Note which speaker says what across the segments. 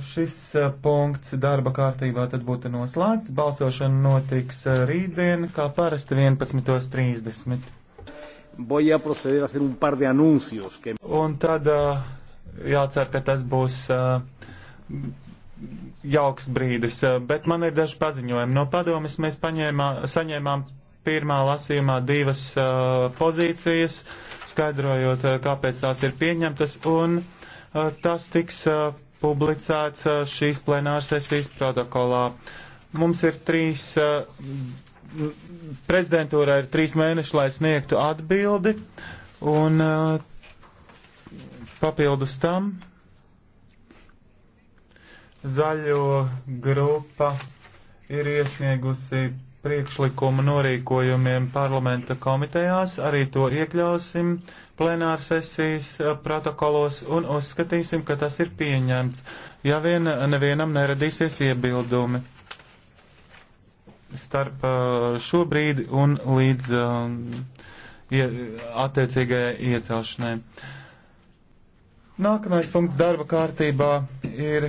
Speaker 1: Šis eh, punkts darba kārtībā tad būtu noslēgts. Balsošana notiks eh, rītdien, kā parasti 11.30. Que... Un tad eh, jācer, ka tas būs jauks brīdis, bet man ir daži paziņojumi. No padomis mēs paņēmā, saņēmām pirmā lasījumā divas uh, pozīcijas, skaidrojot, kāpēc tās ir pieņemtas, un uh, tas tiks uh, publicēts eh, šīs plenāras sesijas protokolā. Mums ir trīs, eh, prezidentūrā ir trīs mēneši, lai sniegtu atbildi, un eh, papildus tam zaļo grupa ir iesniegusi priekšlikumu norīkojumiem parlamenta komitejās, arī to iekļausim plenāra sesijas eh, protokolos un uzskatīsim, ka tas ir pieņemts, ja vien nevienam neradīsies iebildumi starp eh, šobrīd un līdz eh, attiecīgajai iecelšanai. Nākamais punkts darba kārtībā ir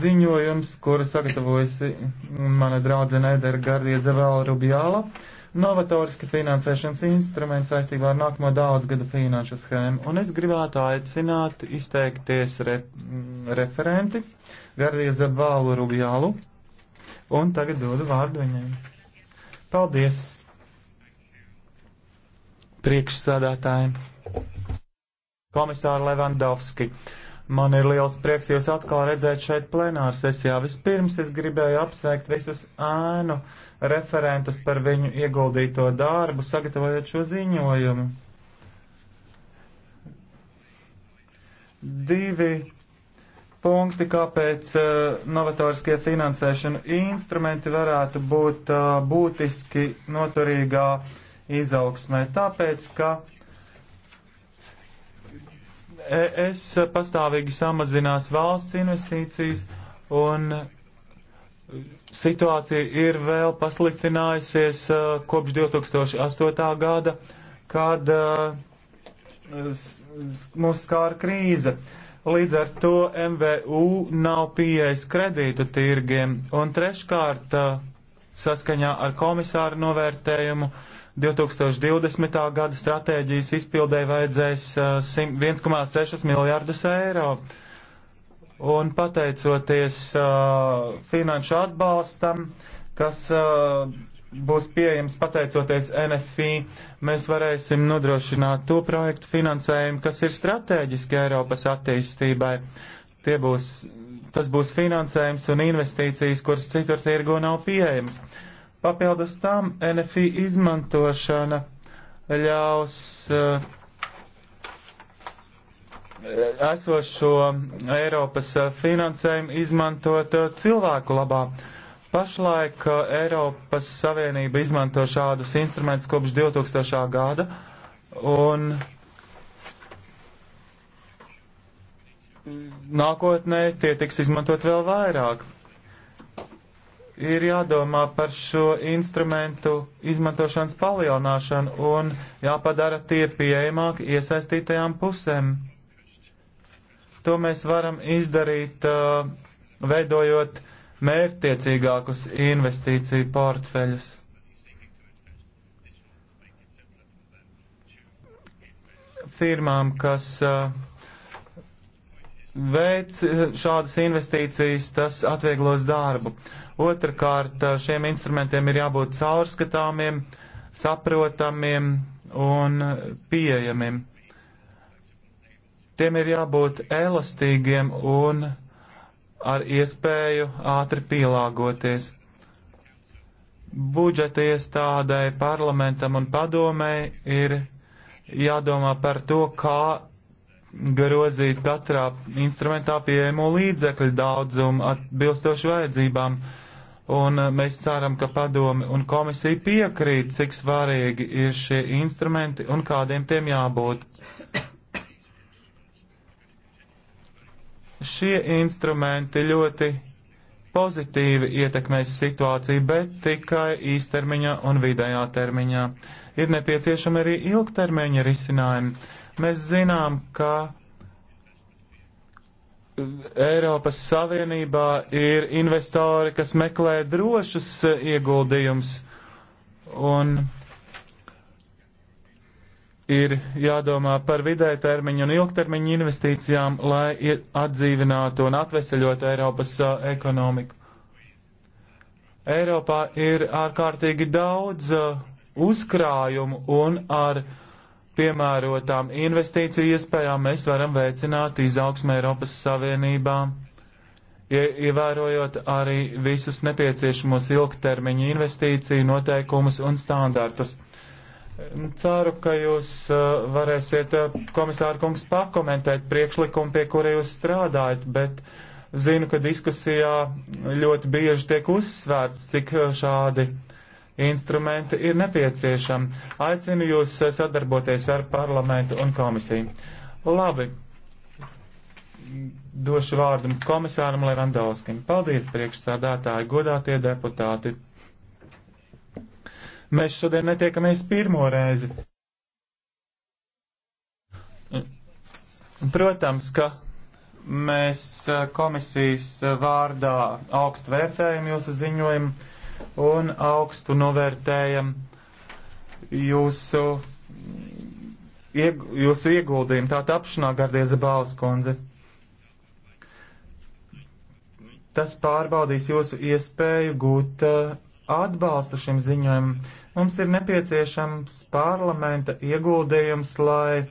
Speaker 1: ziņojums, kuru sagatavojusi mana draudzene Edera Gardie Zavēla Rubjāla. Novatoriska finansēšanas instruments saistībā ar nākamo daudzgadu finanšu schēmu. Un es gribētu aicināt izteikties re, mm, referenti Gardie Zavēlu Rubjālu. Un tagad dodu vārdu viņiem. Paldies priekšsādātājiem komisāru Levandovski. Man ir liels prieks jūs atkal redzēt šeit plenāru sesijā. Vispirms es gribēju apsveikt visus ēnu referentus par viņu ieguldīto darbu, sagatavojot šo ziņojumu. Divi punkti, kāpēc uh, novatoriskie finansēšana instrumenti varētu būt uh, būtiski noturīgā izaugsmē. Tāpēc, ka ES pastāvīgi samazinās valsts investīcijas un situācija ir vēl pasliktinājusies e, kopš 2008. gada, kad e, mūs skāra krīze. Līdz ar to MVU nav pieejas kredītu tirgiem. Un treškārt, e, saskaņā ar komisāru novērtējumu, uh, 2020. gada stratēģijas izpildē vajadzēs 1,6 miljārdus eiro. Un pateicoties uh, finanšu atbalstam, kas uh, būs pieejams pateicoties NFI, mēs varēsim nodrošināt to projektu finansējumu, kas ir strateģiski Eiropas attīstībai. Tie būs, tas būs finansējums un investīcijas, kuras citur tirgo nav pieejams. Uh, Papildus tam NFI izmantošana ļaus uh, esošo Eiropas eh, finansējumu izmantot eh, cilvēku labā. Pašlaik Eiropas Savienība izmanto šādus instrumentus kopš 2000. gada, un nākotnē tie tiks izmantot vēl vairāk ir jādomā par šo instrumentu izmantošanas palielināšanu un jāpadara tie pieejamāk iesaistītajām pusēm. To mēs varam izdarīt, uh, veidojot mērķtiecīgākus investīciju portfeļus. Firmām, kas uh, veic uh, šādas investīcijas, tas atvieglos darbu. Uh, Otrakārt, šiem instrumentiem ir jābūt caurskatāmiem, saprotamiem un pieejamiem. Tiem ir jābūt elastīgiem un ar iespēju ātri pielāgoties. Budžeta iestādai, parlamentam un padomei ir jādomā par to, kā grozīt katrā instrumentā pieejamo līdzekļu daudzumu atbilstoši vajadzībām. Uh, un eh, mēs ceram, ka padomi un komisija piekrīt, cik svarīgi ir šie instrumenti un kādiem tiem jābūt. Šie instrumenti ļoti pozitīvi ietekmēs situāciju, bet tikai īstermiņā un vidējā termiņā. Ir nepieciešami arī ilgtermiņa risinājumi. Mēs zinām, ka Eiropas Savienībā ir investori, kas meklē drošus eh, ieguldījumus un ir jādomā par vidēja termiņu un ilgtermiņu investīcijām, lai atdzīvinātu un atveseļotu Eiropas uh, ekonomiku. Eiropā ir ārkārtīgi daudz uh, uzkrājumu un ar uh, piemērotām investīciju iespējām mēs varam veicināt izaugsmē Eiropas Savienībā, ievērojot arī visus nepieciešamos ilgtermiņa investīciju noteikumus un standartus. Ceru, ka jūs uh, varēsiet, uh, komisāra kungs, pakomentēt priekšlikumu, pie kura jūs strādājat, bet zinu, ka diskusijā ļoti bieži tiek uzsvērts, cik uh, šādi instrumenti ir nepieciešami. Aicinu jūs eh, sadarboties ar parlamentu un komisiju. Labi. Došu vārdu komisāram Levandovskim. Paldies, priekšsādātāji, godātie deputāti. Mēs šodien netiekamies pirmo reizi. Protams, ka mēs eh, komisijas eh, vārdā augstu vērtējam jūsu ziņojumu un augstu novērtējam jūsu, ieg, jūsu ieguldījumu tā tapšanā, Gardieza Bālskundze. Tas pārbaudīs jūsu iespēju gūt uh, atbalstu šim ziņojumam. Mums ir nepieciešams parlamenta ieguldījums, lai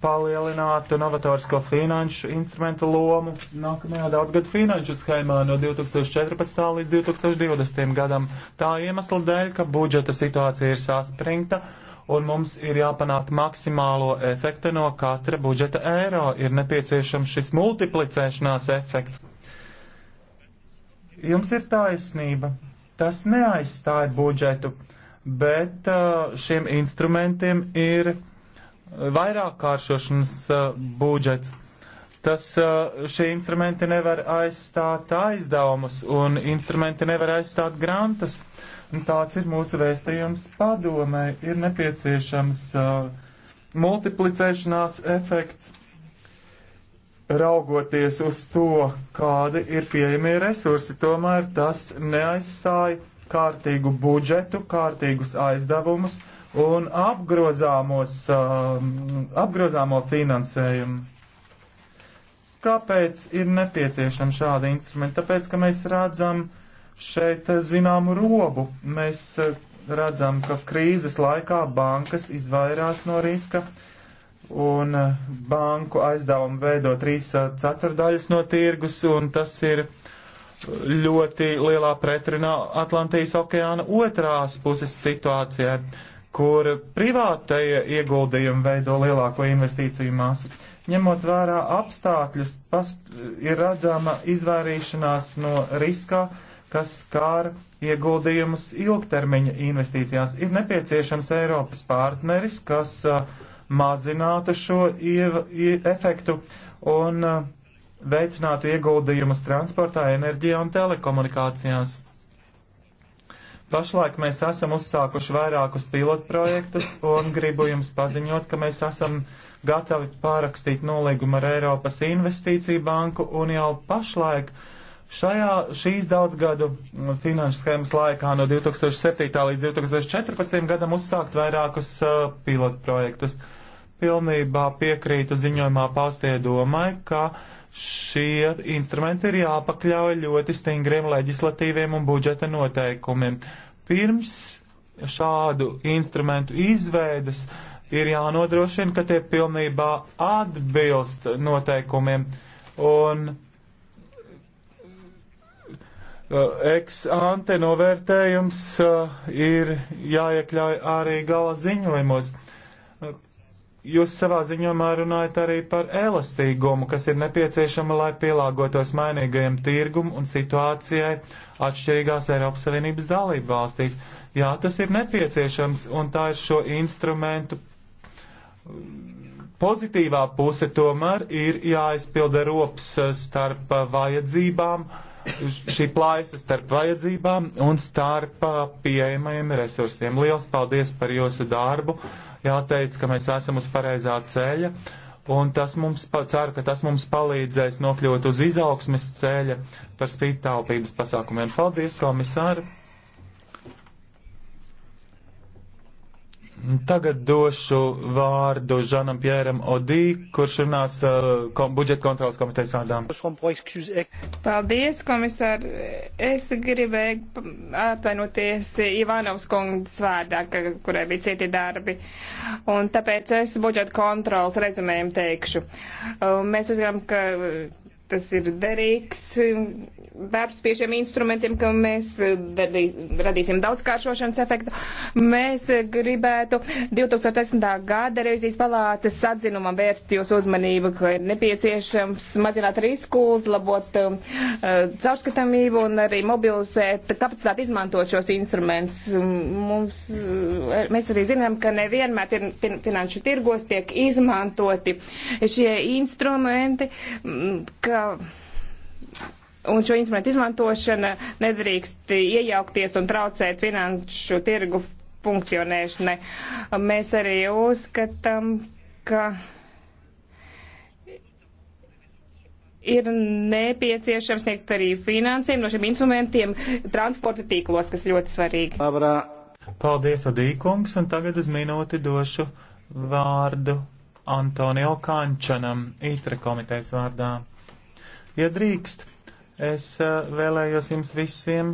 Speaker 1: palielinātu novatorisko finanšu instrumentu lomu nākamajā daudzgadu finanšu schēmā no 2014. līdz 2020. gadam. Tā iemesla dēļ, ka budžeta situācija ir saspringta un mums ir jāpanāk maksimālo efektu no katra budžeta eiro. Ir nepieciešams šis multiplicēšanās efekts. Jums ir taisnība. Tas neaizstāja budžetu, bet uh, šiem instrumentiem ir vairākkāršošanas uh, budžets. Tas uh, šie instrumenti nevar aizstāt aizdevumus un instrumenti nevar aizstāt grantas. Un tāds ir mūsu vēstījums padomē. Ir nepieciešams uh, multiplicēšanās efekts, raugoties uz to, kādi ir pieejamie resursi. Tomēr tas neaizstāja kārtīgu budžetu, kārtīgus aizdevumus un apgrozāmos, um, apgrozāmo finansējumu. Kāpēc ir nepieciešama šāda instrumenta? Tāpēc, ka mēs redzam šeit zināmu robu. Mēs uh, redzam, ka krīzes laikā bankas izvairās no riska un uh, banku aizdevumu veido trīs uh, ceturdaļas no tirgus, un tas ir ļoti lielā pretrunā Atlantijas okeāna otrās puses situācijai kur privātajie ieguldījumi veido lielāko investīciju masu. Ņemot vērā apstākļus, past, ir redzama izvairīšanās no riska, kas skār ieguldījumus ilgtermiņa investīcijās. Ir nepieciešams Eiropas partneris, kas a, mazinātu šo iev, ie, efektu un a, veicinātu ieguldījumus transportā, enerģijā un telekomunikācijās Pašlaik mēs esam uzsākuši vairākus pilotprojektus un gribu jums paziņot, ka mēs esam gatavi pārakstīt nolīgumu ar Eiropas Investīciju banku un jau pašlaik šajā šīs daudzgadu finanšu schēmas laikā no 2007. līdz 2014. gadam uzsākt vairākus uh, pilotprojektus. Pilnībā piekrītu ziņojumā paustie domai, ka uh, Šie instrumenti ir jāpakļauj ļoti stingriem leģislatīviem un budžeta noteikumiem. Pirms šādu instrumentu izveidas ir jānodrošina, ka tie pilnībā atbilst noteikumiem. Un uh, eksante novērtējums uh, ir jāiekļauj arī gala ziņojumos. Jūs savā ziņojumā runājat arī par elastīgumu, kas ir nepieciešama, lai pielāgotos mainīgajam tirgum un situācijai atšķirīgās Eiropas Savienības dalību valstīs. Jā, tas ir nepieciešams, un tā ir šo instrumentu pozitīvā puse tomēr ir jāizpilda rops starp vajadzībām, šī plaisa starp vajadzībām un starp pieejamajiem resursiem. Liels paldies par jūsu darbu! jāteic, ka mēs esam uz pareizā ceļa, un tas mums, ceru, ka tas mums palīdzēs nokļūt uz izaugsmes ceļa par spīt taupības pasākumiem. Paldies, komisāri! Tagad došu vārdu Žanam Pjēram Odī, kurš runās uh, kom, budžeta kontrolas komitejas vārdā.
Speaker 2: Paldies, komisār. Es gribēju atvainoties Ivanovs kundas vārdā, kurai bija citi darbi. Un tāpēc es budžeta kontrolas rezumējumu teikšu. Uh, mēs uzgrām, ka tas ir derīgs darbs pie šiem instrumentiem, ka mēs eh, darīs, radīsim daudzkāršošanas efektu. Mēs eh, gribētu 2010. gada revizijas palātas atzinumam vērst jūsu uzmanību, ka ir nepieciešams mazināt risku, uzlabot uh, caurskatāmību un arī mobilizēt kapacitāti izmantot šos instrumentus. Mums, uh, mēs arī zinām, ka nevienmēr tir, tir, finanšu tirgos tiek izmantoti šie instrumenti, ka un šo instrumentu izmantošana nedrīkst iejaukties un traucēt finanšu tirgu funkcionēšanai. Mēs arī uzskatām, ka ir nepieciešams sniegt arī finansējumu no šiem instrumentiem transporta tīklos, kas ļoti svarīgi. Labrā.
Speaker 1: Paldies, Adīkungs, un tagad uz minūti došu vārdu Antonio Kančanam, ITRA komitejas vārdā. Ja drīkst, es eh, vēlējos jums visiem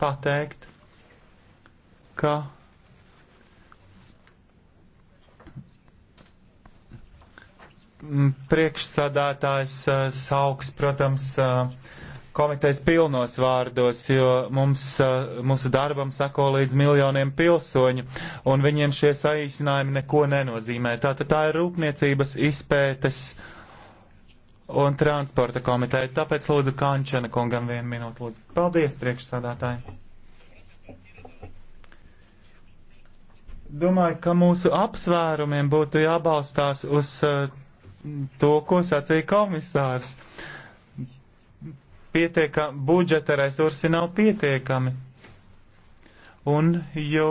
Speaker 1: pateikt, ka priekšsādātājs eh, sauks, protams, eh, komitejas pilnos vārdos, jo mums, mūsu darbam sako līdz miljoniem pilsoņu, un viņiem šie saīsinājumi neko nenozīmē. Tātad tā ir rūpniecības izpētes un transporta komiteju. Tāpēc lūdzu Kančana kungam vienu minūtu lūdzu. Paldies, priekšsādātāji! Domāju, ka mūsu apsvērumiem būtu jābalstās uz uh, to, ko sacīja komisārs. Pietieka, budžeta resursi nav pietiekami. Un jo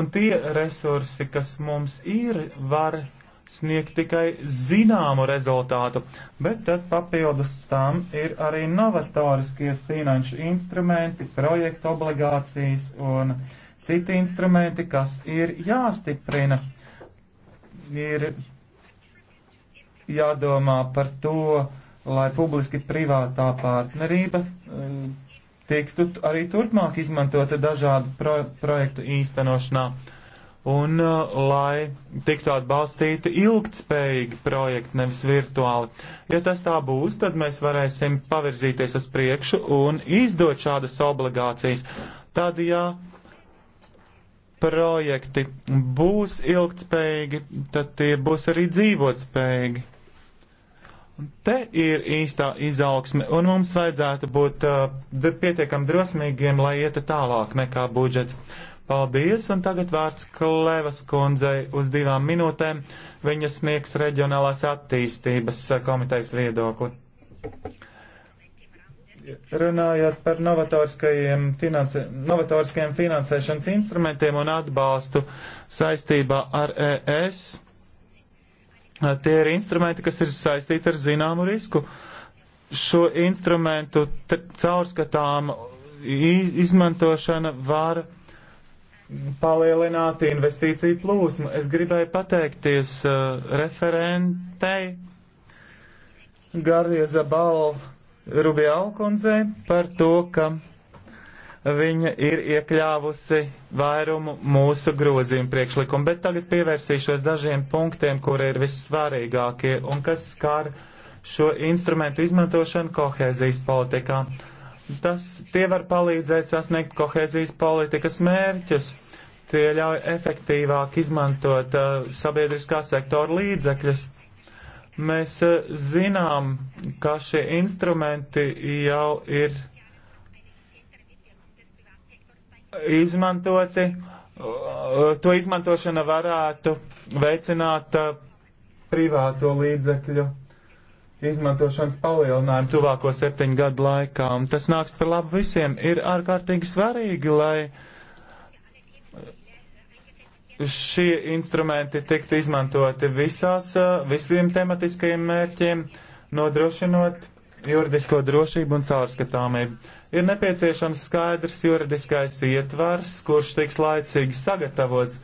Speaker 1: un tie resursi, kas mums ir, var sniegt tikai zināmu rezultātu, bet tad papildus tam ir arī novatoriskie finanšu instrumenti, projektu obligācijas un citi instrumenti, kas ir jāstiprina. Ir jādomā par to, lai publiski privātā partnerība um, tiktu arī turpmāk izmantota dažādu pro projektu īstenošanā un uh, lai tiktu atbalstīti ilgtspējīgi projekti, nevis virtuāli. Ja tas tā būs, tad mēs varēsim pavirzīties uz priekšu un izdot šādas obligācijas. Tad, ja projekti būs ilgtspējīgi, tad tie būs arī dzīvotspējīgi. Te ir īstā izaugsme, un mums vajadzētu būt uh, pietiekam drosmīgiem, lai ieta tālāk nekā budžets. Uh, Paldies, un tagad vārds Klevas kundzei uz divām minūtēm. Viņa sniegs reģionālās attīstības komitejas viedokli. Runājot par novatoriskajiem, finansē, novatoriskajiem finansēšanas instrumentiem un atbalstu saistībā ar ES, tie ir instrumenti, kas ir saistīti ar zināmu risku. Šo instrumentu caurskatām izmantošana var palielināt investīciju plūsmu. Es gribēju pateikties uh, referentei Gardie Zabal Rubialkundzei par to, ka viņa ir iekļāvusi vairumu mūsu grozījumu priekšlikumu, bet tagad pievērsīšos dažiem punktiem, kuri ir vissvarīgākie un kas skar šo instrumentu izmantošanu kohēzijas politikā. Tas tie var palīdzēt sasniegt kohēzijas politikas mērķus tie ļauj efektīvāk izmantot uh, sabiedriskā sektora līdzekļus. Mēs uh, zinām, ka šie instrumenti jau ir izmantoti. Uh, to izmantošana varētu veicināt uh, privāto līdzekļu izmantošanas palielinājumu tuvāko septiņu gadu laikā. Un tas nāks par labu visiem. Ir ārkārtīgi svarīgi, lai uh, šie instrumenti tiktu izmantoti visās, visiem tematiskajiem mērķiem, nodrošinot juridisko drošību un caurskatāmību. Ir nepieciešams skaidrs juridiskais ietvars, kurš tiks laicīgi sagatavots.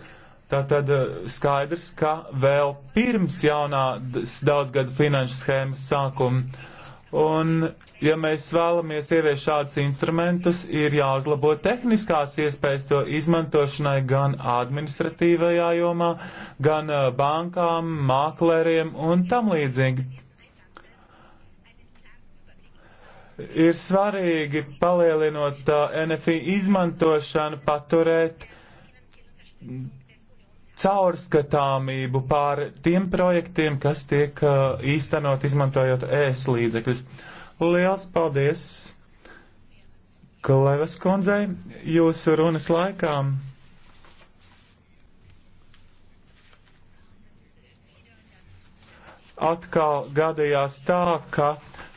Speaker 1: Tātad skaidrs, ka vēl pirms jaunā daudzgadu finanšu schēmas sākuma Un, ja mēs vēlamies ieviest šādus instrumentus, ir jāuzlabo tehniskās iespējas to izmantošanai gan administratīvajā jomā, gan bankām, māklēriem un tam līdzīgi. Ir svarīgi, palielinot NFI izmantošanu, paturēt caurskatāmību pār tiem projektiem, kas tiek uh, īstenot izmantojot ēs līdzekļus. Liels paldies, Klevas kundzei, jūsu runas laikā. Atkal gadījās tā, ka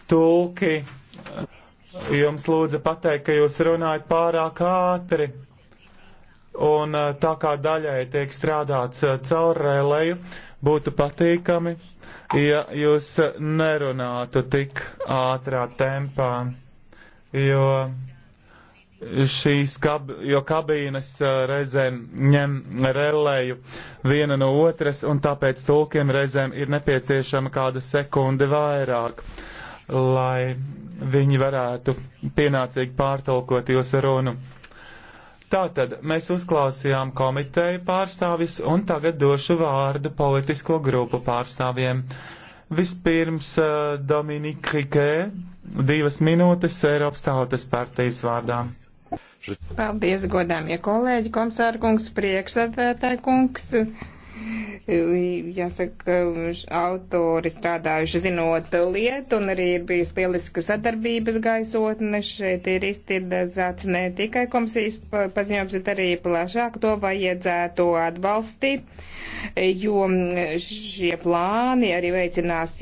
Speaker 1: tulki uh, jums lūdza pateikt, ka jūs runājat pārāk ātri. Un eh, tā kā daļai tiek strādāts eh, caur rēlēju, būtu patīkami, ja jūs eh, nerunātu tik ātrā tempā, jo šīs kab jo kabīnes reizēm ņem relēju viena no otras, un tāpēc tulkiem reizēm ir nepieciešama kāda sekunde vairāk, lai viņi varētu pienācīgi pārtulkot jūsu runu. Tātad mēs uzklausījām komiteju pārstāvis un tagad došu vārdu politisko grupu pārstāvjiem. Vispirms eh, Dominika Rikē, divas minūtes Eiropas Tautas partijas vārdā.
Speaker 2: Paldies, godāmie kolēģi, komisārkungs, priekšsēdētāji kungs. Priekšsēdētāj kungs jāsaka, autori strādājuši zinot lietu, un arī ir bijusi lieliska sadarbības gaisotne. Šeit ir iztirdēts ne tikai komisijas paziņojums, bet arī plašāk to vajadzētu atbalstīt, jo šie plāni arī veicinās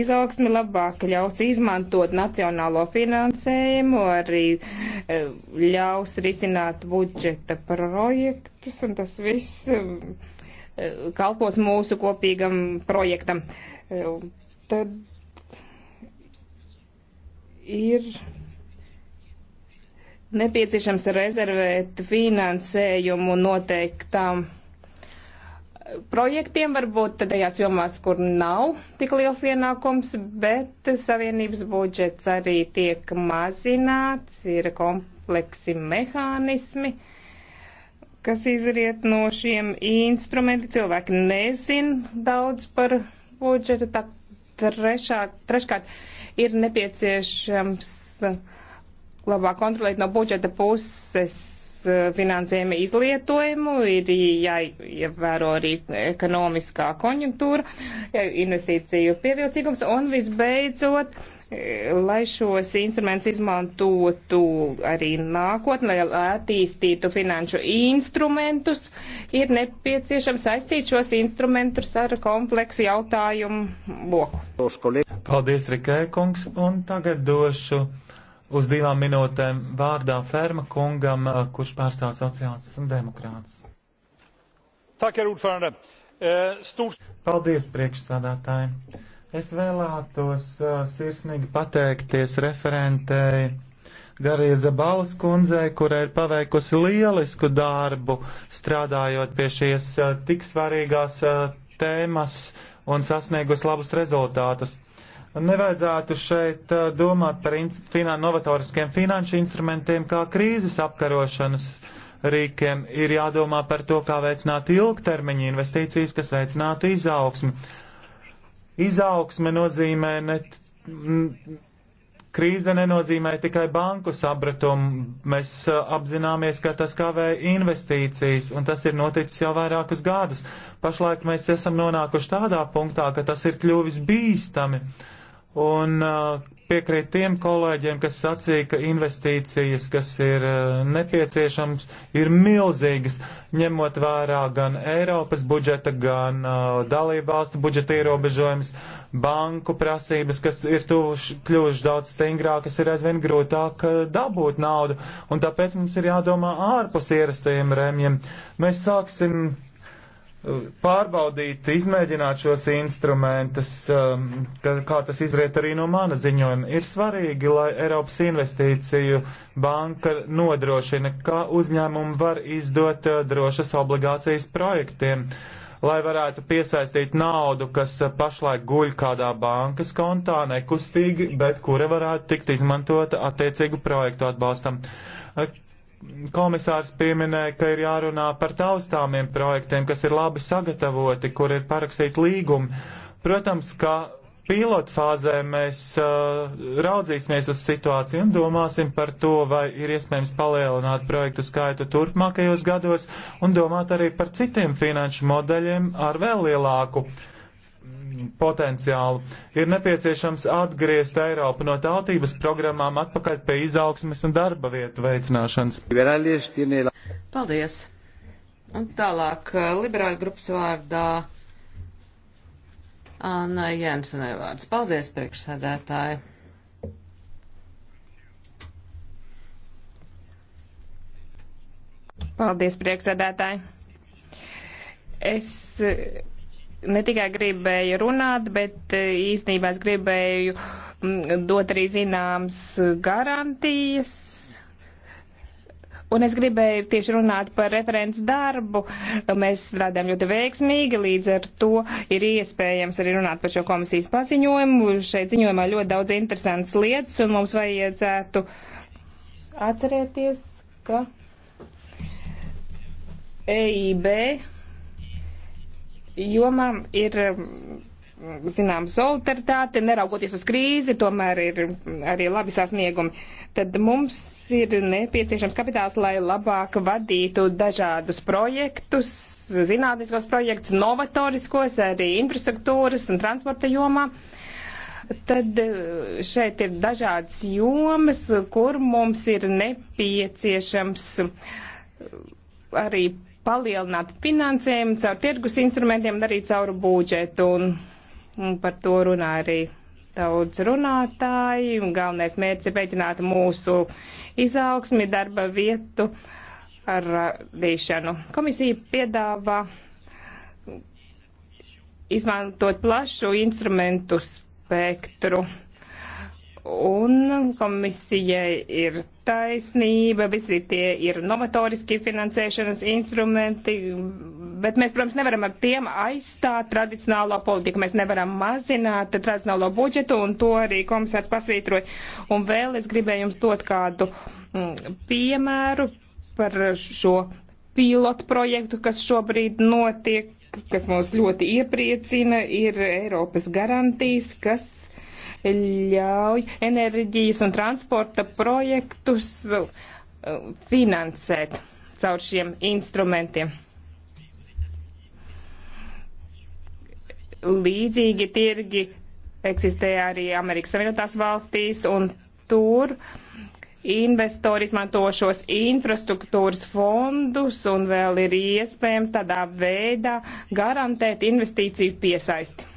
Speaker 2: izaugsmi, labāk ļaus izmantot nacionālo finansējumu, arī e, ļaus risināt budžeta projektus, un tas viss kalpos mūsu kopīgam projektam. Tad ir nepieciešams rezervēt finansējumu noteiktām projektiem, varbūt tajās jomās, kur nav tik liels ienākums, bet savienības budžets arī tiek mazināts, ir kompleksi mehānismi. Uh, kas izriet no šiem instrumenti. Cilvēki nezin daudz par budžetu, tā trešā, treškārt ir nepieciešams uh, labāk kontrolēt no budžeta puses uh, finansējuma izlietojumu, ir jāievēro arī ekonomiskā konjunktūra, investīciju pievilcīgums un visbeidzot lai šos instrumentus izmantotu arī nākotnē, lai attīstītu finanšu instrumentus, ir nepieciešams saistīt šos instrumentus ar kompleksu jautājumu loku.
Speaker 1: Paldies, Rikē kungs, un tagad došu uz divām minūtēm vārdā Ferma kungam, kurš pārstāv sociālistus un demokrātus. Eh, Paldies, priekšsādātāji! Es vēlētos uh, sirsnīgi pateikties referentei Garija Zabalas kundzei, kura ir paveikusi lielisku darbu, strādājot pie šīs uh, tik svarīgās uh, tēmas un sasniegus labus rezultātus. Nevajadzētu šeit uh, domāt par finan novatoriskiem finanšu instrumentiem kā krīzes apkarošanas rīkiem. Ir jādomā par to, kā veicināt ilgtermiņa investīcijas, kas veicinātu izaugsmu Izaugsme nozīmē ne. Krīze nenozīmē tikai banku sabratumu. Mēs uh, apzināmies, ka tas kavēja investīcijas, un tas ir noticis jau vairākus gadus. Pašlaik mēs esam nonākuši tādā punktā, ka tas ir kļuvis bīstami. Un uh, piekrīt tiem kolēģiem, kas sacīja, ka investīcijas, kas ir eh, nepieciešams, ir milzīgas, ņemot vērā gan Eiropas budžeta, gan uh, eh, dalībvalstu budžeta ierobežojumus, banku prasības, kas ir tuvuši, kļuvuši daudz stingrākas, ir aizvien grūtāk eh, dabūt naudu, un tāpēc mums ir jādomā ārpus ierastajiem remjiem. Mēs sāksim pārbaudīt, izmēģināt šos instrumentus, um, ka, kā tas izriet arī no mana ziņojuma. Ir svarīgi, lai Eiropas investīciju banka nodrošina, ka uzņēmumi var izdot uh, drošas obligācijas projektiem, lai varētu piesaistīt naudu, kas uh, pašlaik guļ kādā bankas kontā nekustīgi, bet kura varētu tikt izmantota attiecīgu projektu atbalstam. Uh, komisārs pieminēja, ka ir jārunā par taustāmiem projektiem, kas ir labi sagatavoti, kur ir parakstīti līgumi. Protams, ka pilotfāzē mēs uh, raudzīsimies uz situāciju un domāsim par to, vai ir iespējams palielināt projektu skaitu turpmākajos gados un domāt arī par citiem finanšu modeļiem ar vēl lielāku uh, potenciālu. Ir nepieciešams atgriezt Eiropu no tautības programmām atpakaļ pie izaugsmes un darba vietu veicināšanas.
Speaker 3: Paldies! Un tālāk, eh, liberāļu grupas vārdā Anna Jensenē vārds. Paldies, priekšsēdētāji!
Speaker 2: Paldies, priekšsēdētāji! Es eh, ne tikai gribēju runāt, bet eh, īstenībā es gribēju mm, dot arī zināmas garantijas. Un es gribēju tieši runāt par referents darbu. Mēs strādājam ļoti veiksmīgi, līdz ar to ir iespējams arī runāt par šo komisijas paziņojumu. Šeit ziņojumā ļoti daudz interesants lietas, un mums vajadzētu atcerēties, ka EIB jomā ir um, zinām solidaritāte, neraugoties uz krīzi, tomēr ir arī labi sasniegumi. Tad mums ir nepieciešams kapitāls, lai labāk vadītu dažādus projektus, zinātniskos projektus, novatoriskos, arī infrastruktūras un transporta jomā. Tad uh, šeit ir dažādas jomas, kur mums ir nepieciešams uh, arī palielināt finansējumu caur tirgus instrumentiem un arī caur budžetu. Un, un par to runā arī daudz runātāji. Galvenais mērķis ir veicināt mūsu izaugsmi, darba vietu radīšanu. Komisija piedāvā izmantot plašu instrumentu spektru. Un komisijai ir taisnība, visi tie ir novatoriski finansēšanas instrumenti, bet mēs, protams, nevaram ar tiem aizstāt tradicionālo politiku. Mēs nevaram mazināt tradicionālo budžetu, un to arī komisārs pasvītroja. Un vēl es gribēju jums dot kādu mm, piemēru par šo pilotu projektu, kas šobrīd notiek, kas mūs ļoti iepriecina, ir Eiropas garantijas, kas ļauj enerģijas un transporta projektus uh, finansēt caur šiem instrumentiem. Līdzīgi tirgi eksistē arī Amerikas Savienotās valstīs, un tur investori izmanto šos infrastruktūras fondus, un vēl ir iespējams tādā veidā garantēt investīciju piesaisti.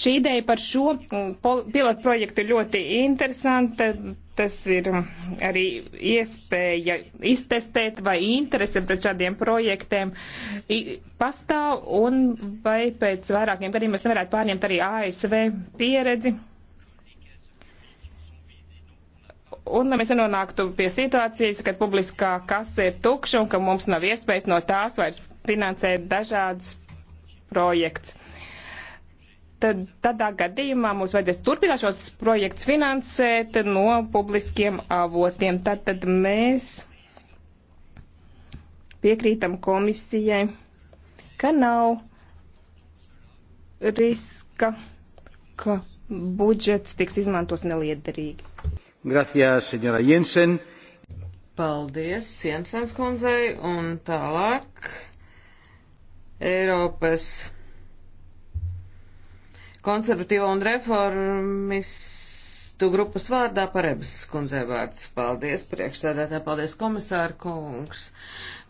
Speaker 2: Šī ideja par šo mm, pilotu projektu ir ļoti interesanta. Tas ir arī iespēja iztestēt, vai interese pret šādiem projektiem pastāv, un vai pēc vairākiem gadiem mēs nevarētu pārņemt arī ASV pieredzi. un lai mēs nenonāktu pie situācijas, kad publiskā kasa ir tukša un ka mums nav iespējas no tās vairs finansēt dažādus projektus tad tādā gadījumā mums vajadzēs turpināt šos projekts finansēt no publiskiem avotiem. Tātad mēs piekrītam komisijai, ka nav riska, ka budžets
Speaker 3: tiks izmantos neliederīgi.
Speaker 1: Gracias, senora Jensen.
Speaker 3: Paldies, Jensens kundzei, un tālāk Eiropas konservatīvo un reformistu grupas vārdā parebas skundzē vārds. Paldies, priekšsēdētā, paldies, komisāra kungs.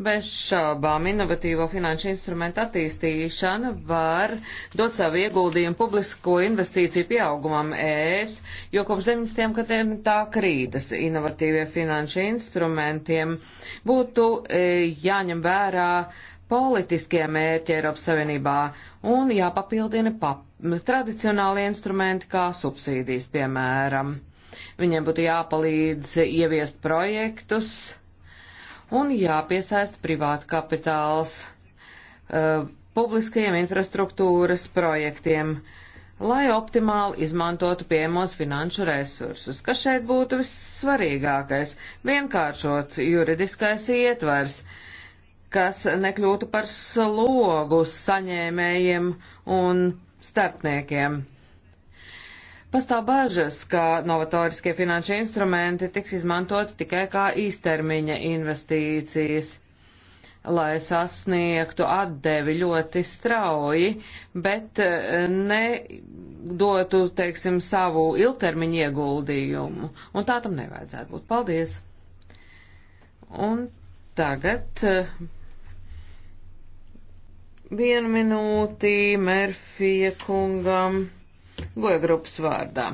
Speaker 3: Bez šābām inovatīvo finanšu instrumentu attīstīšana var dot savu ieguldījumu publisko investīciju pieaugumam ES, jo kopš 90. gadiem tā krītas inovatīvie finanšu instrumentiem būtu e, jāņem vērā politiskie mērķi Eiropas Savienībā un jāpapildina pap tradicionāli instrumenti kā subsīdijas, piemēram. Viņiem būtu jāpalīdz ieviest projektus un jāpiesaista privāta kapitāls uh, publiskajiem infrastruktūras projektiem, lai optimāli izmantotu piemos finanšu resursus, kas šeit būtu vissvarīgākais - vienkāršots juridiskais ietvers. Uh, kas nekļūtu par slogu saņēmējiem un starpniekiem. Pastāv bažas, ka novatoriskie finanšu instrumenti tiks izmantoti tikai kā īstermiņa investīcijas, lai sasniegtu atdevi ļoti strauji, bet eh, nedotu, teiksim, savu ilgtermiņu ieguldījumu. Un tā tam nevajadzētu būt. Paldies! Un tagad eh, Vienu minūti Merfija kungam goja grupas vārdā.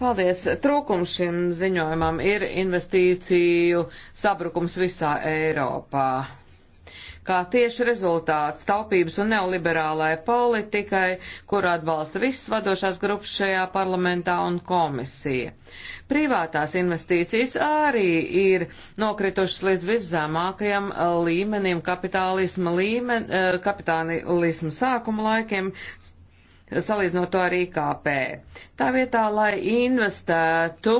Speaker 3: Paldies. Trūkums šim ziņojumam ir investīciju sabrukums visā Eiropā. Kā tieši rezultāts taupības un neoliberālai politikai, kuru atbalsta visas vadošās grupas šajā parlamentā un komisija. Uh, Privātās investīcijas arī ir nokritušas līdz viszemākajam līmenim kapitālisma, līmen, eh, kapitālisma sākuma laikiem, salīdzinot to ar IKP. Tā vietā, lai investētu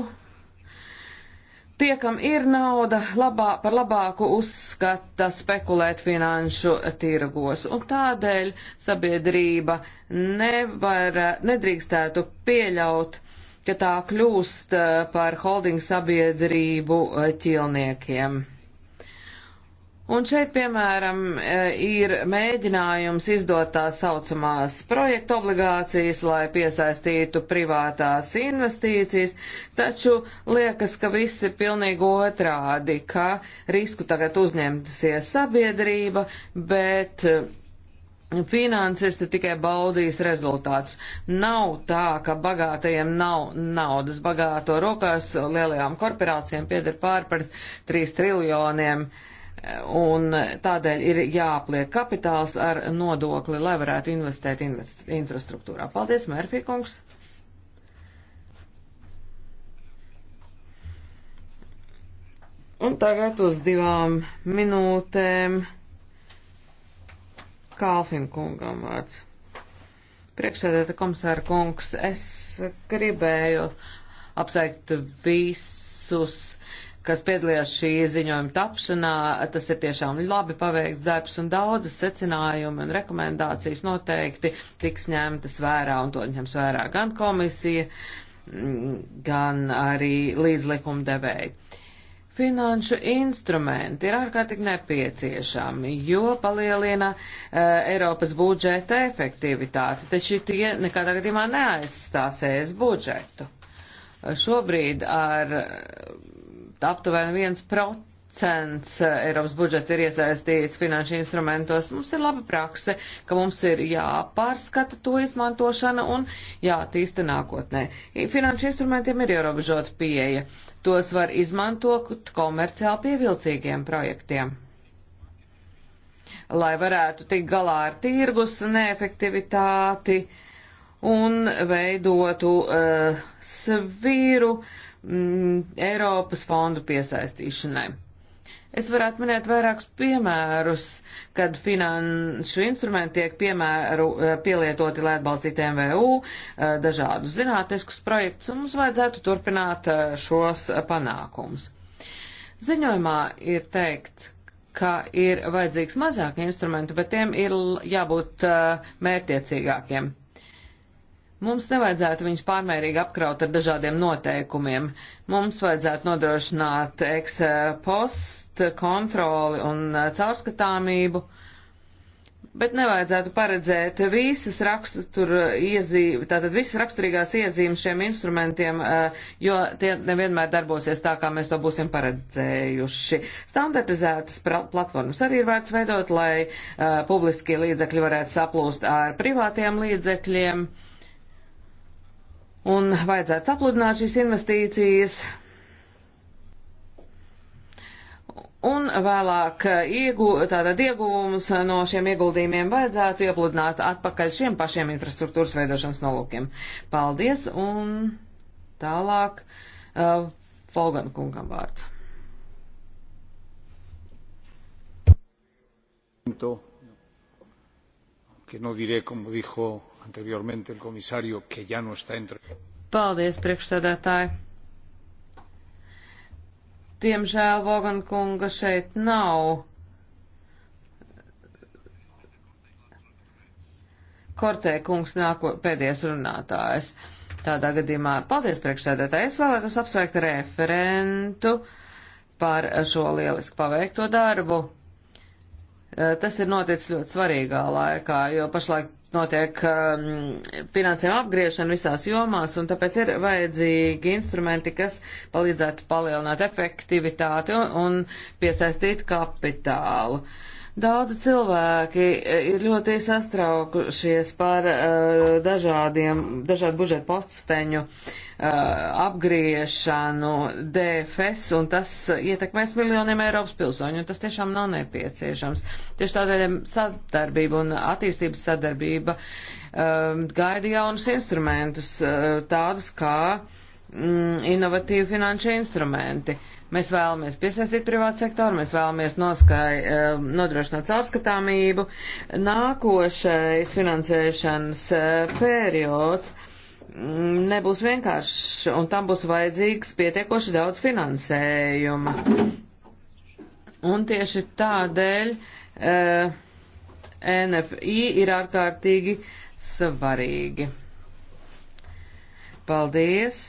Speaker 3: Tie, kam ir nauda, labā, par labāku uzskata spekulēt finanšu tirgos, un tādēļ sabiedrība nevar, nedrīkstētu pieļaut ka tā kļūst eh, par holding sabiedrību eh, ķilniekiem. Un šeit, piemēram, eh, ir mēģinājums izdot tā saucamās projektu obligācijas, lai piesaistītu privātās investīcijas, taču liekas, ka viss ir pilnīgi otrādi, ka risku tagad uzņemsies sabiedrība, bet Finanses te tikai baudīs rezultāts. Nav tā, ka bagātajiem nav naudas. Bagāto rokās lielajām korporācijām pieder pār par 3 triljoniem, un tādēļ ir jāpliek kapitāls ar nodokli, lai varētu investēt invest infrastruktūrā. Paldies, Mērfī kungs! Un tagad uz divām minūtēm. Kalfin kungam vārds. Priekšsēdēta komisāra kungs, es gribēju apsveikt visus, kas piedalījās šī ziņojuma tapšanā. Tas ir tiešām labi paveikts darbs un daudzas secinājumi un rekomendācijas noteikti tiks ņemtas vērā un to ņems vērā gan komisija, mm, gan arī līdzlikumdevēji. Finanšu instrumenti ir ārkārtīgi nepieciešami, jo palielina uh, Eiropas budžeta efektivitāti, taču tie nekādā gadījumā neaizstās ES budžetu. Uh, šobrīd ar uh, aptuveni 1% procents eh, Eiropas budžeta ir iesaistīts finanšu instrumentos. Mums ir laba prakse, ka mums ir jāpārskata to izmantošana un jātīsta nākotnē. Finanšu instrumentiem ir ierobežota pieeja. Tos var izmantot komerciāli pievilcīgiem projektiem. Lai varētu tikt galā ar tirgus neefektivitāti un veidotu uh, svīru uh, Eiropas fondu piesaistīšanai. Es varētu minēt vairākus piemērus, kad finanšu instrumenti tiek piemēru, eh, pielietoti, lai atbalstītu MVU, eh, dažādus zinātniskus projektus, un mums vajadzētu turpināt eh, šos panākumus. Ziņojumā ir teikts, ka ir vajadzīgs mazāk instrumentu, bet tiem ir jābūt mērtiecīgākiem. Mums nevajadzētu viņus pārmērīgi apkraut ar dažādiem noteikumiem. Mums vajadzētu nodrošināt ex post ieviest kontroli un e, caurskatāmību, bet nevajadzētu paredzēt visas, rakstur iezīm, tātad visas raksturīgās iezīmes šiem instrumentiem, e, jo tie nevienmēr darbosies tā, kā mēs to būsim paredzējuši. Standartizētas platformas arī ir vērts veidot, lai e, publiskie līdzekļi varētu saplūst ar privātiem līdzekļiem. Un vajadzētu sapludināt šīs investīcijas, Un vēlāk eh, iegu, tātad ieguvumus eh, no šiem ieguldījumiem vajadzētu iepludināt atpakaļ šiem pašiem infrastruktūras veidošanas nolūkiem. Paldies, un tālāk uh, eh, Folgan kungam vārds.
Speaker 1: que no diré, como dijo anteriormente el comisario, que ya no está entre.
Speaker 3: Paldies, priekšsēdētāji. Diemžēl Vogankunga šeit nav. Kortē kungs nāko pēdējais runātājs. Tādā gadījumā paldies priekšsēdētāji. Es vēlētos apsveikt referentu par šo lielisku paveikto darbu. Eh, tas ir noticis ļoti svarīgā laikā, jo pašlaik notiek um, finansējuma apgriešana visās jomās, un tāpēc ir vajadzīgi instrumenti, kas palīdzētu palielināt efektivitāti un, un piesaistīt kapitālu. Uh, Daudzi cilvēki e, ir ļoti sastraukušies par uh, dažādiem, dažādu budžetu posteņu uh, apgriešanu DFS, un tas ietekmēs miljoniem Eiropas pilsoņu, un tas tiešām nav nepieciešams. Tieši tādēļ sadarbība un attīstības sadarbība um, gaida jaunus instrumentus, tādus kā um, inovatīvi finanšu instrumenti. Uh, Mēs vēlamies piesaistīt privātu sektoru, mēs vēlamies noskai, eh, nodrošināt caurskatāmību. Nākošais finansēšanas eh, periods mm, nebūs vienkāršs, un tam būs vajadzīgs pietiekoši daudz finansējuma. Un tieši tādēļ eh, NFI ir ārkārtīgi svarīgi. Paldies!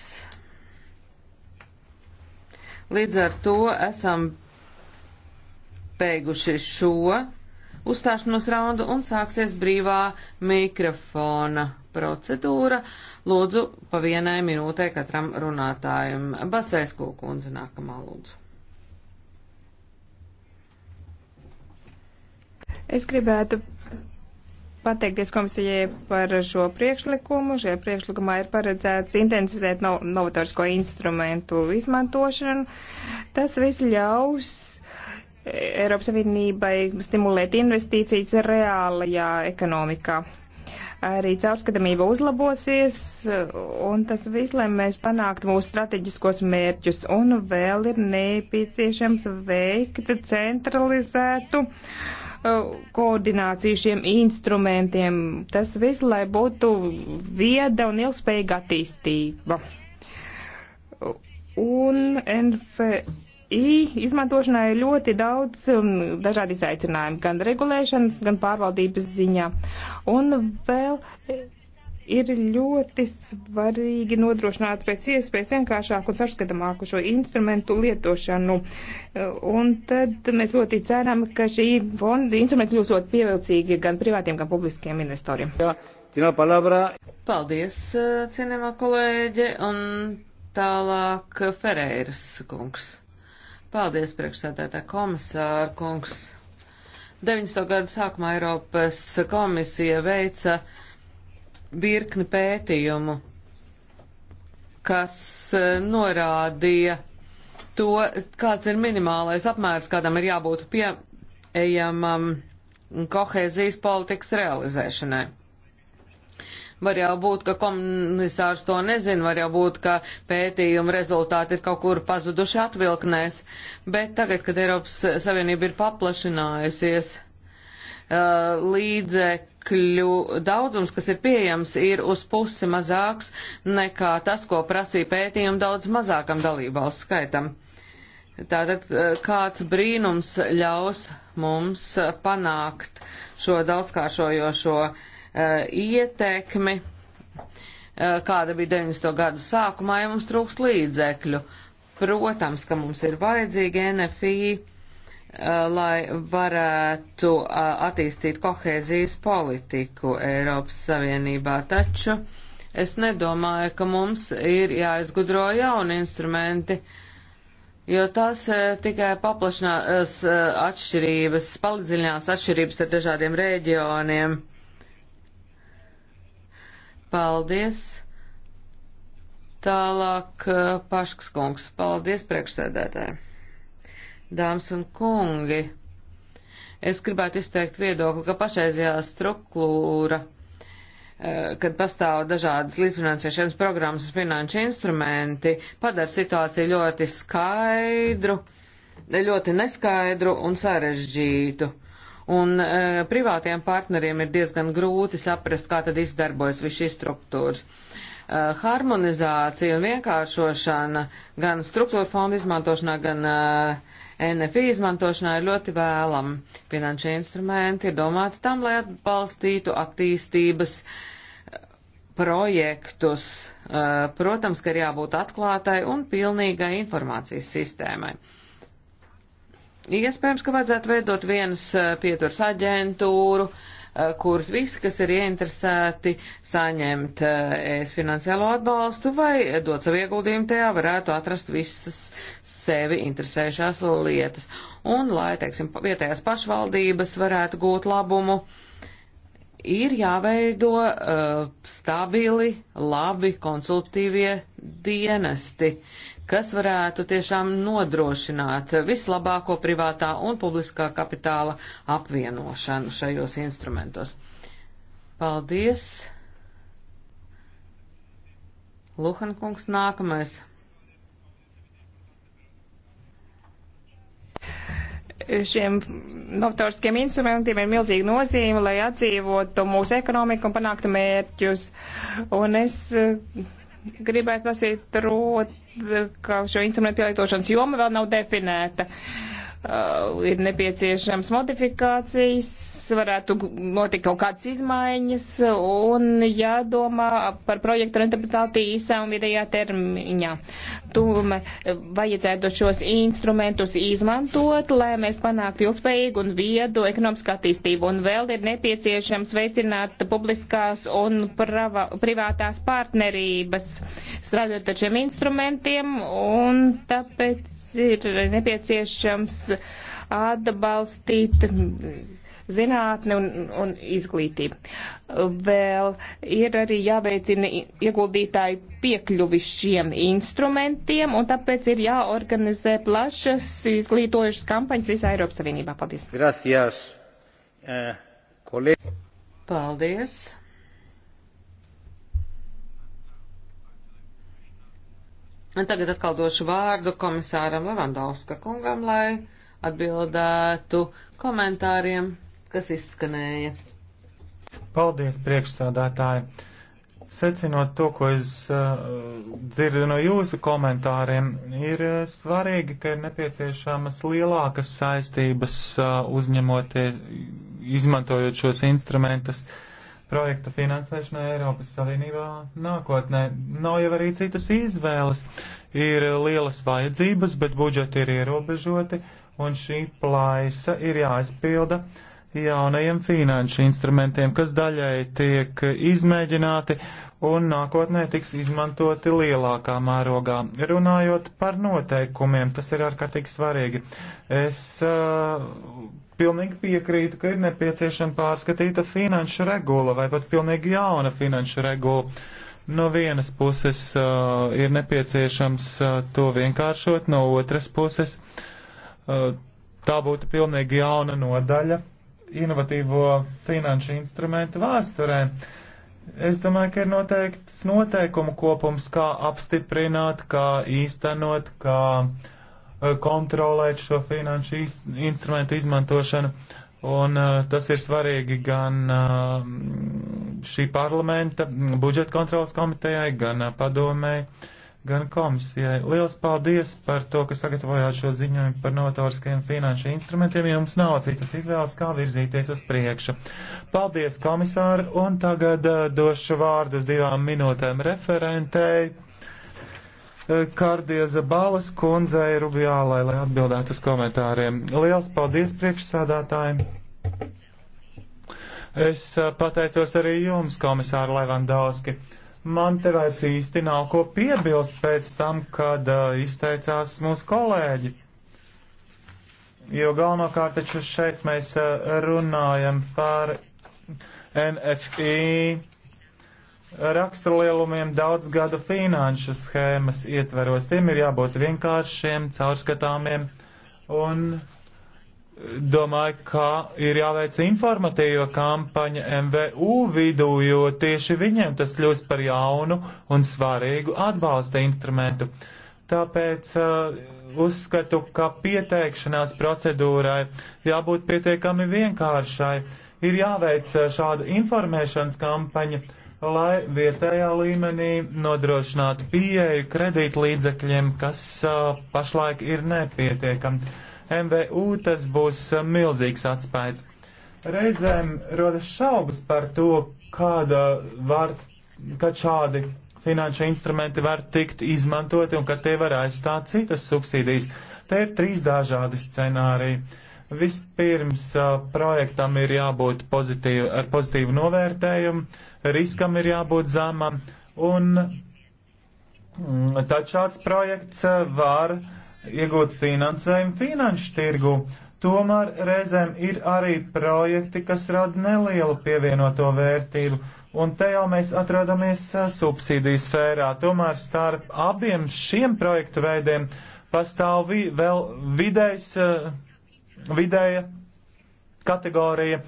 Speaker 3: Līdz ar to esam beiguši šo uzstāšanos raundu un sāksies brīvā mikrofona procedūra. Lūdzu, pa vienai minūtē katram runātājam. Basēsko kundze nākamā lūdzu.
Speaker 2: Es gribētu pateikties komisijai par šo priekšlikumu. Šajā priekšlikumā ir paredzēts intensificēt no, novatorisko instrumentu izmantošanu. Tas viss ļaus e, Eiropas Savienībai stimulēt investīcijas reālajā ekonomikā. Arī caurskatāmība uzlabosies, un tas viss, lai mēs panāktu mūsu strateģiskos mērķus, un vēl ir nepieciešams veikt centralizētu uh, koordināciju šiem instrumentiem. Tas viss, lai būtu vieda un ilgspējīga attīstība. Un NFI izmantošanai ir ļoti daudz um, dažādi izaicinājumi, gan regulēšanas, gan pārvaldības ziņā. Un vēl ir ļoti svarīgi nodrošināt pēc iespējas vienkāršāku un saskatāmāku šo instrumentu lietošanu. Un tad mēs ļoti ceram, ka šī fonda instrumenti kļūs ļoti pievilcīgi gan privātiem, gan publiskiem
Speaker 3: investoriem. Paldies, cienījamā kolēģe, un tālāk Ferēras kungs. Paldies, priekšsēdētā komisāra kungs. 90. gadu sākumā Eiropas komisija veica virkni pētījumu, kas e, norādīja to, kāds ir minimālais apmērs, kādam ir jābūt pieejamam kohēzijas politikas realizēšanai. Var jau būt, ka komisārs to nezina, var jau būt, ka pētījuma rezultāti ir kaut kur pazuduši atvilknēs, bet tagad, kad Eiropas Savienība ir paplašinājusies, e, līdzekļi līdzekļu daudzums, kas ir pieejams, ir uz pusi mazāks nekā tas, ko prasīja pētījumu daudz mazākam dalībvalstu skaitam. Tātad eh, kāds brīnums ļaus mums panākt šo daudzkāršojošo uh, ietekmi, uh, kāda bija 90. gadu sākumā, ja mums trūks līdzekļu. Protams, ka mums ir vajadzīgi NFI Uh, lai varētu uh, attīstīt kohēzijas politiku Eiropas Savienībā. Taču es nedomāju, ka mums ir jāizgudro jauni instrumenti, jo tas uh, tikai paplašinās atšķirības, palielinās atšķirības ar dažādiem reģioniem. Paldies! Tālāk Paškas kungs. Paldies priekšsēdētājiem! dāmas un kungi. Es gribētu izteikt viedokli, ka pašreizējā struktūra, eh, kad pastāv dažādas līdzfinansēšanas programmas un finanšu instrumenti, padara situāciju ļoti skaidru, ļoti neskaidru un sarežģītu. Un e, privātiem partneriem ir diezgan grūti saprast, kā tad izdarbojas viss šīs struktūras. E, Eh, harmonizācija un vienkāršošana gan struktūra fonda izmantošanā, gan eh, NFI izmantošanā ir ļoti vēlama. Finanšu instrumenti ir domāti tam, lai atbalstītu attīstības eh, projektus. Protams, ka ir jābūt atklātai un pilnīgai informācijas sistēmai. Iespējams, ka vajadzētu veidot vienas pieturas aģentūru, uh, Eh, kurus visi, kas ir ieinteresēti saņemt eh, es finansiālo atbalstu vai dot savu ieguldījumu tajā, varētu atrast visas sevi interesējušās lietas. Un, lai, teiksim, vietējās pašvaldības varētu gūt labumu, ir jāveido uh, stabili, labi konsultīvie dienesti. Uh, kas varētu tiešām nodrošināt vislabāko privātā un publiskā kapitāla apvienošanu šajos instrumentos. Paldies! Luhankungs nākamais.
Speaker 2: šiem novatoriskiem instrumentiem ir milzīga nozīme, lai atdzīvotu mūsu ekonomiku un panāktu mērķus. Un es gribētu pasītrot, ka šo instrumentu pielietošanas joma vēl nav definēta. Uh, uh, ir nepieciešams modifikācijas, varētu notikt kaut kādas izmaiņas un jādomā par projektu rentabilitāti īsā un vidējā termiņā. Tomēr uh, vajadzētu šos instrumentus izmantot, lai mēs panāktu ilgspējīgu un viedu ekonomisku attīstību. Un vēl ir nepieciešams veicināt publiskās un prava, privātās partnerības, strādājot ar šiem instrumentiem un tāpēc ir nepieciešams atbalstīt zinātne un, un izglītība. Vēl ir arī jāveicina ieguldītāju piekļuvi šiem instrumentiem, un tāpēc ir jāorganizē plašas izglītojušas kampaņas visā Eiropas Savienībā. Paldies!
Speaker 3: Gracias, eh, kolēģi!
Speaker 2: Paldies!
Speaker 3: Un tagad atkal došu vārdu komisāram Levandovska kungam, lai atbildētu komentāriem, kas izskanēja.
Speaker 1: Paldies, priekšsādātāji! Secinot to, ko es uh, dzirdu no jūsu komentāriem, ir uh, svarīgi, ka ir nepieciešamas lielākas saistības uh, uzņemoties, izmantojot šos instrumentus. Uh, projekta finansēšanai Eiropas Savienībā nākotnē. Nav jau arī citas izvēles. Ir lielas vajadzības, bet budžeti ir ierobežoti, un šī plaisa ir jāizpilda jaunajiem finanšu instrumentiem, kas daļai tiek izmēģināti un nākotnē tiks izmantoti lielākā mērogā. Runājot par noteikumiem, tas ir ārkārtīgi svarīgi. Es uh, pilnīgi piekrītu, ka ir nepieciešama pārskatīta finanšu regula vai pat pilnīgi jauna finanšu regula. No vienas puses uh, ir nepieciešams uh, to vienkāršot, no otras puses uh, tā būtu pilnīgi jauna nodaļa inovatīvo finanšu instrumentu vēsturē. Uh, Es domāju, ka ir noteikts noteikumu kopums, kā apstiprināt, kā īstenot, kā eh, kontrolēt šo finanšu iz, instrumentu izmantošanu. Un uh, tas ir svarīgi gan uh, šī parlamenta budžeta kontrolas komitejai, gan uh, padomēji. Uh, gan komisijai. Liels paldies par to, ka sagatavojāt šo ziņojumu par novatoriskajiem finanšu instrumentiem, ja jums nav citas izvēles, kā virzīties uz priekšu. Paldies, komisāri, un tagad uh, došu vārdus divām minūtēm referentei. Eh, Kardieza Balas kundzei Rubjālai, lai atbildētu uz komentāriem. Liels paldies priekšsādātājiem! Es eh, pateicos arī jums, komisāra Levandovski. Man te vairs īsti nav ko piebilst pēc tam, kad uh, izteicās mūsu kolēģi. Jo galvenokārt taču šeit mēs uh, runājam par NFI raksturlielumiem daudzgadu finanšu schēmas ietveros. Tiem ir jābūt vienkāršiem, caurskatāmiem un domāju, ka ir jāveic informatīva kampaņa MVU vidū, jo tieši viņiem tas kļūst par jaunu un svarīgu atbalsta instrumentu. Tāpēc uh, uzskatu, ka pieteikšanās procedūrai jābūt pietiekami vienkāršai. Ir jāveic uh, šāda informēšanas kampaņa, lai vietējā līmenī nodrošinātu pieeju kredītlīdzekļiem, kas uh, pašlaik ir nepietiekami MVU tas būs eh, milzīgs atspējas. Reizēm rodas šaubas par to, kāda var, kad šādi finanšu instrumenti var tikt izmantoti un ka tie var aizstāt citas subsīdijas. Te ir trīs dažādi scenāriji. Vispirms eh, projektam ir jābūt pozitīvi, ar pozitīvu novērtējumu, riskam ir jābūt zemam, un mm, tad šāds projekts eh, var uh, iegūt finansējumu finanšu tirgu. Tomēr reizēm ir arī projekti, kas rada nelielu pievienoto vērtību, un te jau mēs atrodamies subsīdiju sfērā. Tomēr starp abiem šiem projektu veidiem pastāv vi, vēl vidējs, vidēja kategorija,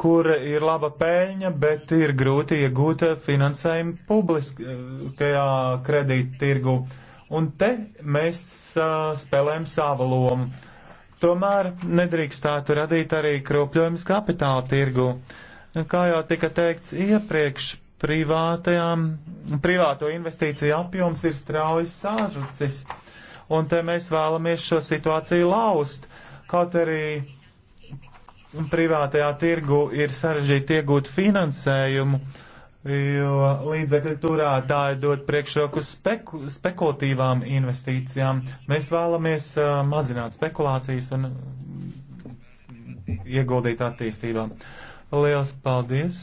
Speaker 1: kur ir laba peļņa, bet ir grūti iegūt finansējumu publiskajā kredīttirgu. tirgu Un te mēs uh, spēlējam savu lomu. Tomēr nedrīkstētu radīt arī kropļojumus kapitāla tirgu. Kā jau tika teikts iepriekš, privāto investīciju apjoms ir strauji sāžucis, un te mēs vēlamies šo situāciju laust. Kaut arī privātajā tirgu ir sarežģīti iegūt finansējumu, uh, jo līdzekļu turētāji dod priekšroku speku, spekulatīvām investīcijām. Mēs vēlamies uh, mazināt spekulācijas un ieguldīt attīstībā. Lielas paldies!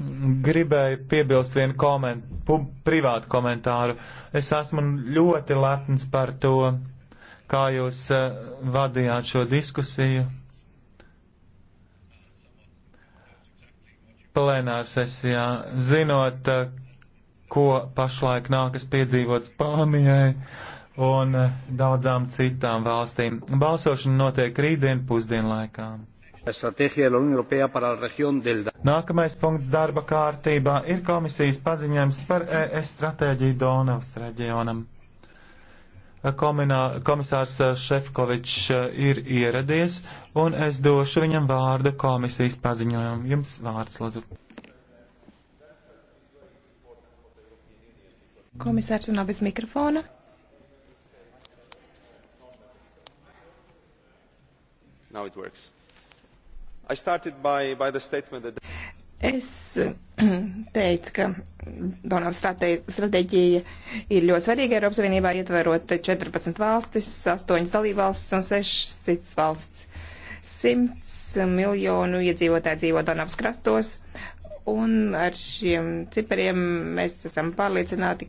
Speaker 1: Gribēju piebilst vienu koment, privātu komentāru. Es esmu ļoti lepns par to, kā jūs eh, vadījāt šo diskusiju. Plenārsesijā, zinot, eh, ko pašlaik nākas piedzīvot Spānijai un eh, daudzām citām valstīm. Balsošana notiek rītdien pusdienlaikā. Nākamais punkts darba kārtībā ir komisijas paziņojums par ES stratēģiju Donavas reģionam kominā, komisārs eh, Šefkovičs eh, ir ieradies, un es došu viņam vārdu komisijas paziņojumu. Jums vārds, Lūdzu.
Speaker 2: Komisārs runā bez mikrofona.
Speaker 1: Now it works. I started by, by the statement that...
Speaker 2: Es teicu, ka donoru stratēģija ir ļoti svarīga Eiropas Savienībā, ietverot 14 valstis, 8 dalībvalstis un 6 citas valsts. 100 miljonu iedzīvotāji dzīvo Donavas krastos, un ar šiem cipariem mēs esam pārliecināti,